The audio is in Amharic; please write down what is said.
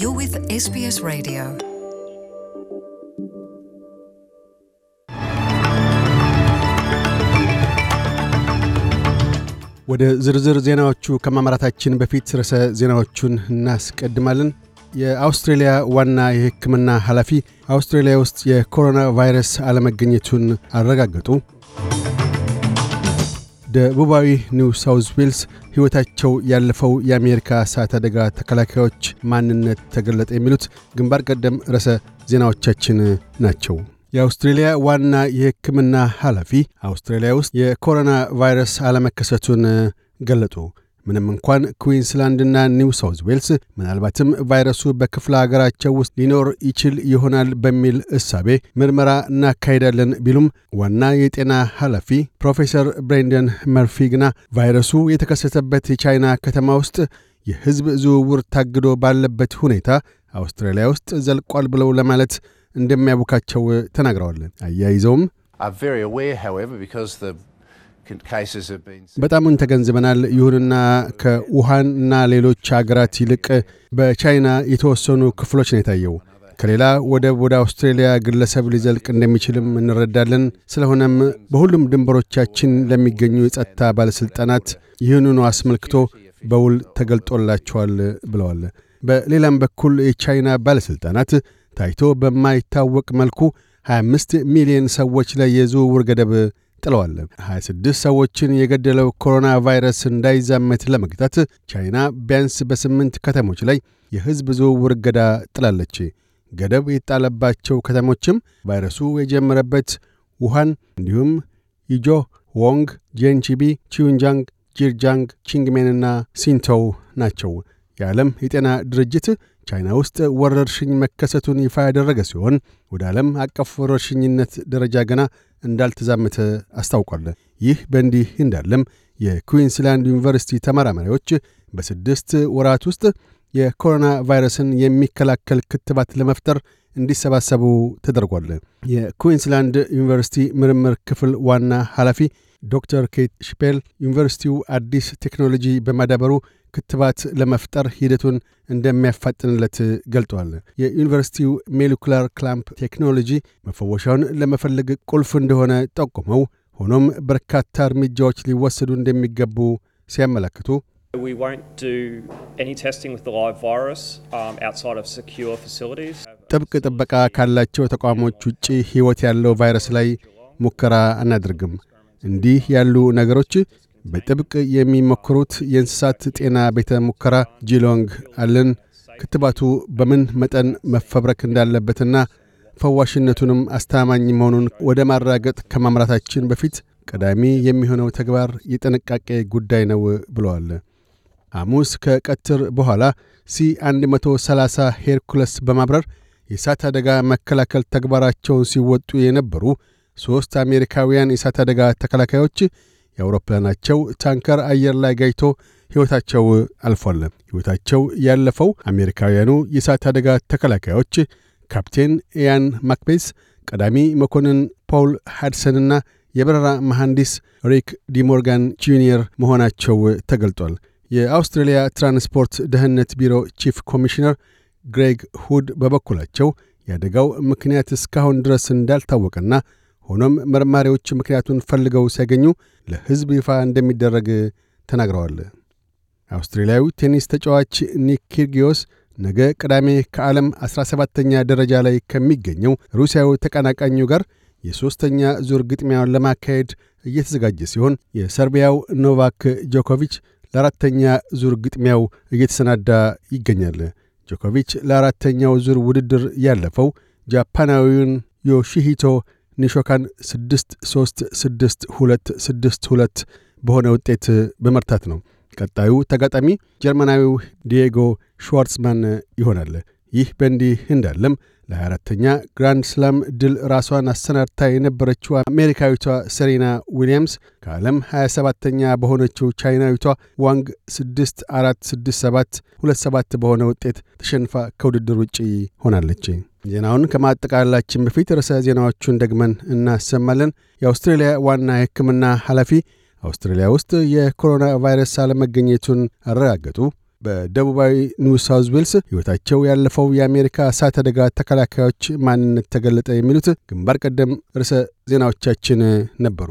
You're with SBS Radio. ወደ ዝርዝር ዜናዎቹ ከማምራታችን በፊት ርዕሰ ዜናዎቹን እናስቀድማለን። የአውስትሬሊያ ዋና የሕክምና ኃላፊ አውስትሬሊያ ውስጥ የኮሮና ቫይረስ አለመገኘቱን አረጋገጡ። ደቡባዊ ኒው ሳውዝ ዌልስ ሕይወታቸው ያለፈው የአሜሪካ እሳት አደጋ ተከላካዮች ማንነት ተገለጠ የሚሉት ግንባር ቀደም ርዕሰ ዜናዎቻችን ናቸው። የአውስትሬልያ ዋና የሕክምና ኃላፊ አውስትሬልያ ውስጥ የኮሮና ቫይረስ አለመከሰቱን ገለጡ። ምንም እንኳን ኩዊንስላንድና ኒው ሳውዝ ዌልስ ምናልባትም ቫይረሱ በክፍለ ሀገራቸው ውስጥ ሊኖር ይችል ይሆናል በሚል እሳቤ ምርመራ እናካሄዳለን ቢሉም ዋና የጤና ኃላፊ ፕሮፌሰር ብሬንደን መርፊ ግና ቫይረሱ የተከሰተበት የቻይና ከተማ ውስጥ የሕዝብ ዝውውር ታግዶ ባለበት ሁኔታ አውስትራሊያ ውስጥ ዘልቋል ብለው ለማለት እንደሚያቡካቸው ተናግረዋል። አያይዘውም በጣሙን ተገንዝበናል። ይሁንና ከውሃን እና ሌሎች አገራት ይልቅ በቻይና የተወሰኑ ክፍሎች ነው የታየው። ከሌላ ወደብ ወደ አውስትሬልያ ግለሰብ ሊዘልቅ እንደሚችልም እንረዳለን። ስለሆነም በሁሉም ድንበሮቻችን ለሚገኙ የጸጥታ ባለሥልጣናት ይህንኑ አስመልክቶ በውል ተገልጦላቸዋል ብለዋል። በሌላም በኩል የቻይና ባለሥልጣናት ታይቶ በማይታወቅ መልኩ 25 ሚሊዮን ሰዎች ላይ የዝውውር ገደብ ጥለዋል። 26 ሰዎችን የገደለው ኮሮና ቫይረስ እንዳይዛመት ለመግታት ቻይና ቢያንስ በስምንት ከተሞች ላይ የሕዝብ ዝውውር እገዳ ጥላለች። ገደብ የጣለባቸው ከተሞችም ቫይረሱ የጀመረበት ውሃን፣ እንዲሁም ይጆ ዎንግ፣ ጄንቺቢ፣ ቺዩንጃንግ፣ ጂርጃንግ፣ ቺንግሜንና ሲንቶው ናቸው። የዓለም የጤና ድርጅት ቻይና ውስጥ ወረርሽኝ መከሰቱን ይፋ ያደረገ ሲሆን ወደ ዓለም አቀፍ ወረርሽኝነት ደረጃ ገና እንዳልተዛመተ አስታውቋል። ይህ በእንዲህ እንዳለም የኩዊንስላንድ ዩኒቨርሲቲ ተመራማሪዎች በስድስት ወራት ውስጥ የኮሮና ቫይረስን የሚከላከል ክትባት ለመፍጠር እንዲሰባሰቡ ተደርጓል። የኩዊንስላንድ ዩኒቨርሲቲ ምርምር ክፍል ዋና ኃላፊ ዶክተር ኬት ሽፔል ዩኒቨርሲቲው አዲስ ቴክኖሎጂ በማዳበሩ ክትባት ለመፍጠር ሂደቱን እንደሚያፋጥንለት ገልጧል። የዩኒቨርሲቲው ሜሊኩላር ክላምፕ ቴክኖሎጂ መፈወሻውን ለመፈለግ ቁልፍ እንደሆነ ጠቁመው ሆኖም በርካታ እርምጃዎች ሊወሰዱ እንደሚገቡ ሲያመለክቱ um, ጥብቅ ጥበቃ ካላቸው ተቋሞች ውጪ ሕይወት ያለው ቫይረስ ላይ ሙከራ አናደርግም። እንዲህ ያሉ ነገሮች በጥብቅ የሚሞክሩት የእንስሳት ጤና ቤተ ሙከራ ጂሎንግ አለን። ክትባቱ በምን መጠን መፈብረክ እንዳለበትና ፈዋሽነቱንም አስተማማኝ መሆኑን ወደ ማራገጥ ከማምራታችን በፊት ቀዳሚ የሚሆነው ተግባር የጥንቃቄ ጉዳይ ነው ብለዋል። ሐሙስ ከቀትር በኋላ ሲ 130 ሄርኩለስ በማብረር የእሳት አደጋ መከላከል ተግባራቸውን ሲወጡ የነበሩ ሦስት አሜሪካውያን የእሳት አደጋ ተከላካዮች የአውሮፕላናቸው ታንከር አየር ላይ ጋይቶ ሕይወታቸው አልፏል። ሕይወታቸው ያለፈው አሜሪካውያኑ የእሳት አደጋ ተከላካዮች ካፕቴን ኢያን ማክቤስ፣ ቀዳሚ መኮንን ፖል ሃድሰንና የበረራ መሐንዲስ ሪክ ዲሞርጋን ጁኒየር መሆናቸው ተገልጧል። የአውስትሬልያ ትራንስፖርት ደህንነት ቢሮ ቺፍ ኮሚሽነር ግሬግ ሁድ በበኩላቸው የአደጋው ምክንያት እስካሁን ድረስ እንዳልታወቀና ሆኖም መርማሪዎች ምክንያቱን ፈልገው ሲያገኙ ለሕዝብ ይፋ እንደሚደረግ ተናግረዋል። አውስትራሊያዊው ቴኒስ ተጫዋች ኒክ ኪርጊዮስ ነገ ቅዳሜ ከዓለም 17ተኛ ደረጃ ላይ ከሚገኘው ሩሲያዊ ተቀናቃኙ ጋር የሦስተኛ ዙር ግጥሚያውን ለማካሄድ እየተዘጋጀ ሲሆን የሰርቢያው ኖቫክ ጆኮቪች ለአራተኛ ዙር ግጥሚያው እየተሰናዳ ይገኛል። ጆኮቪች ለአራተኛው ዙር ውድድር ያለፈው ጃፓናዊውን ዮሺሂቶ ኒሾካን 6 3 በሆነ ውጤት በመርታት ነው። ቀጣዩ ተጋጣሚ ጀርመናዊው ዲየጎ ሽዋርትስማን ይሆናል። ይህ በእንዲህ እንዳለም ለ24ተኛ ግራንድ ስላም ድል ራሷን አሰናድታ የነበረችው አሜሪካዊቷ ሰሪና ዊሊያምስ ከዓለም 27ተኛ በሆነችው ቻይናዊቷ ዋንግ 6 4 6 7 2 7 በሆነ ውጤት ተሸንፋ ከውድድር ውጪ ሆናለች። ዜናውን ከማጠቃላችን በፊት ርዕሰ ዜናዎቹን ደግመን እናሰማለን። የአውስትሬልያ ዋና የሕክምና ኃላፊ አውስትሬልያ ውስጥ የኮሮና ቫይረስ አለመገኘቱን አረጋገጡ። በደቡባዊ ኒው ሳውዝ ዌልስ ሕይወታቸው ያለፈው የአሜሪካ እሳት አደጋ ተከላካዮች ማንነት ተገለጠ። የሚሉት ግንባር ቀደም ርዕሰ ዜናዎቻችን ነበሩ።